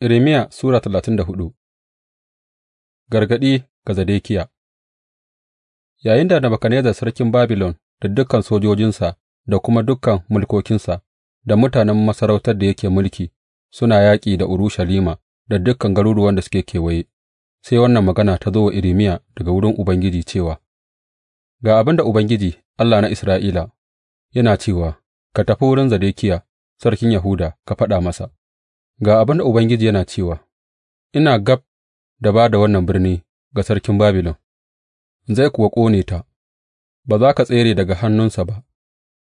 Irmiya Sura talatin da hudu Gargaɗi ga Zedekiya da Nebuchadnezzar sarkin Babilon da dukan sojojinsa da kuma dukan mulkokinsa da mutanen masarautar da yake mulki suna yaƙi da Urushalima da dukan garuruwan da suke kewaye, sai wannan magana ta zo wa Irmiya daga wurin Ubangiji cewa, Ga abin da Ubangiji, Allah na Isra'ila, yana cewa, Ka tafi wurin Zedekiya sarkin Yahuda ka faɗa masa. Ga abin da Ubangiji yana cewa, Ina gab da ba da wannan birni ga sarkin Babilon, zai kuwa ƙone ta, ba za ka tsere daga hannunsa ba,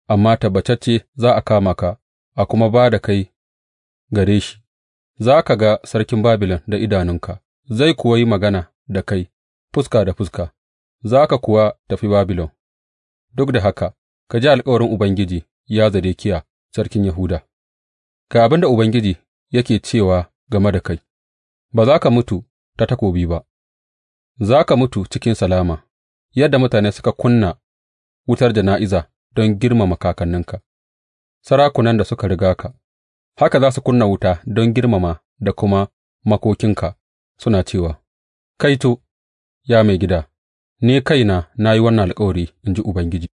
amma tabbatacce za a kama ka a kuma ba da kai gare shi, za ka ga sarkin Babilon da idanunka, zai kuwa yi magana da kai fuska da fuska, za ka kuwa tafi Babilon. Duk da haka, ka ji alkawarin Ubangiji, ya Zedekiya sarkin Yahuda. Ga abin da Ubangiji yake cewa game da kai, Ba za ka mutu ta takobi ba, za ka mutu cikin salama, yadda mutane suka kunna wutar jana'iza don girmama kakanninka, sarakunan da suka riga ka, haka za su kunna wuta don girmama da kuma makokinka suna cewa, Kaito, ya mai gida, ni kaina na yi wannan alkawari, in ji Ubangiji.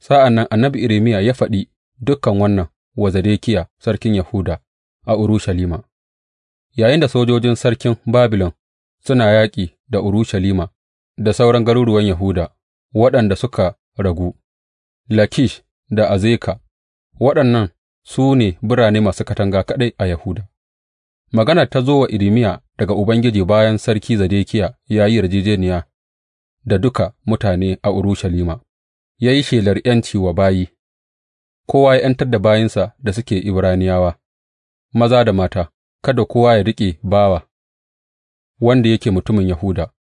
Sa'an nan annabi Irmiya ya faɗi dukkan wannan wa Zedekiya sarkin Yahuda a Urushalima Yayinda sojojin sarkin Babilon suna yaƙi da Urushalima da sauran garuruwan Yahuda waɗanda suka ragu, Lakish da Azeka, waɗannan su ne birane masu katanga kaɗai a Yahuda. Maganar ta zo wa Irimiya daga Ubangiji bayan Sarki zadekiya ya yi yarjejeniya da duka mutane a Urushalima, ya yi shelar ’yanci wa bayi, kowa ya ’yantar da bayinsa da suke Ibraniyawa. maza da mata, kada kowa ya riƙe bawa wanda yake mutumin Yahuda,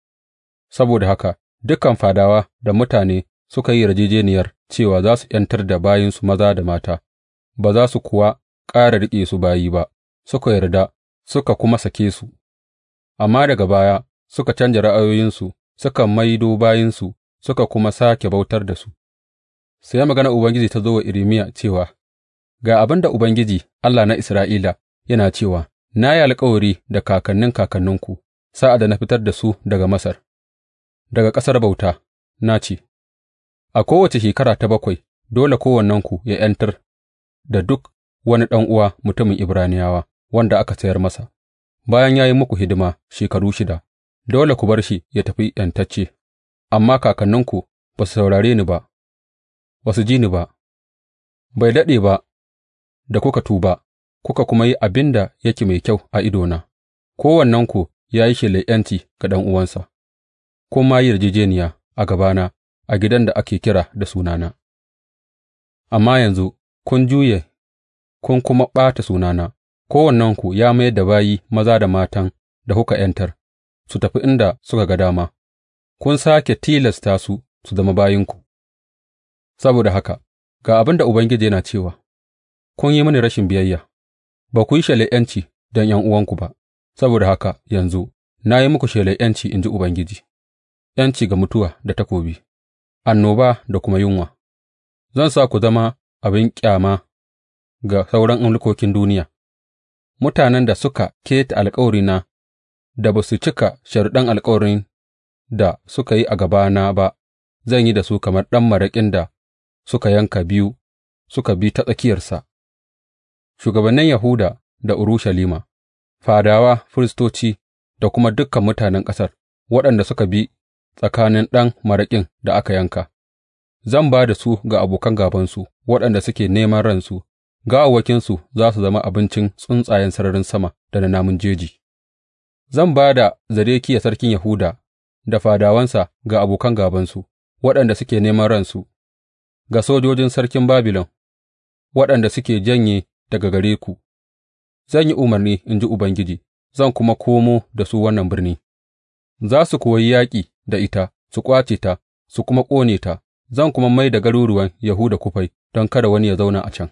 saboda haka dukan fadawa da mutane suka yi yarjejeniyar cewa za su ’yantar da bayinsu maza da mata, ba za su kuwa ƙara riƙe su bayi ba, suka yarda suka kuma sake su, amma daga baya suka canja ra'ayoyinsu, suka maido bayinsu, suka kuma sake bautar da su. Sai magana Ubangiji ta zo wa Irimiya, cewa, Ga abin da Ubangiji, Allah na Isra'ila, yana cewa, Na yi alkawari da kakannin kakanninku sa'ad da na fitar da su daga Masar, daga ƙasar bauta, na ce, A kowace shekara ta bakwai, dole kowannenku ya ’yantar da duk wani uwa mutumin Ibraniyawa wanda aka sayar masa, bayan ya yi muku hidima shekaru shida, dole ku bar shi ya tafi ’yantacce, amma kakanninku ba su saurare ni ba, ba su ji ni ba, bai daɗe ba da kuka tuba, kuka kuma yi abin da yake mai kyau a idona, kowannenku ya yi shelar ’yanci ga ɗan'uwansa, kun ma yi yarjejeniya a gabana a gidan da ake kira da sunana, amma yanzu kun juye kun kuma ɓata sunana, kowannenku ya mayar da bayi maza da matan da kuka ’yantar su tafi inda suka ga dama, kun sake tilasta su su zama bayinku, saboda haka ga abin da Ubangiji yana cewa, Kun yi mini rashin biyayya. ba ku yi shelar ’yanci don ’yan'uwanku ba, saboda haka yanzu na yi muku shelar ’yanci, in ji Ubangiji, ’yanci ga mutuwa da takobi, annoba da kuma yunwa, zan sa ku zama abin ƙyama ga sauran mulkokin duniya, mutanen da suka keta alkawarina da ba su cika sharuɗan alkawarin da suka yi a gabana ba, zan yi da su kamar ɗan maraƙin da suka yanka biyu suka bi ta tsakiyarsa. shugabannin Yahuda da Urushalima, fadawa, firistoci da kuma dukan mutanen ƙasar waɗanda suka bi tsakanin ɗan maraƙin da aka yanka, zan ba da su ga abokan gabansu waɗanda suke neman ransu, gawawwakinsu za su zama abincin tsuntsayen sararin sama da na namun jeji. Zan ba da Zedekiya sarkin Yahuda da fadawansa ga abokan gabansu waɗanda suke neman ransu, ga sojojin sarkin Babilon waɗanda suke janye daga gare ku, zan yi umarni, in ji Ubangiji, zan kuma komo da su wannan birni, za su kuwa yi yaƙi da ita, su ƙwace ta, su kuma ƙone ta, zan kuma mai da garuruwan Yahuda kufai don kada wani ya zauna a can.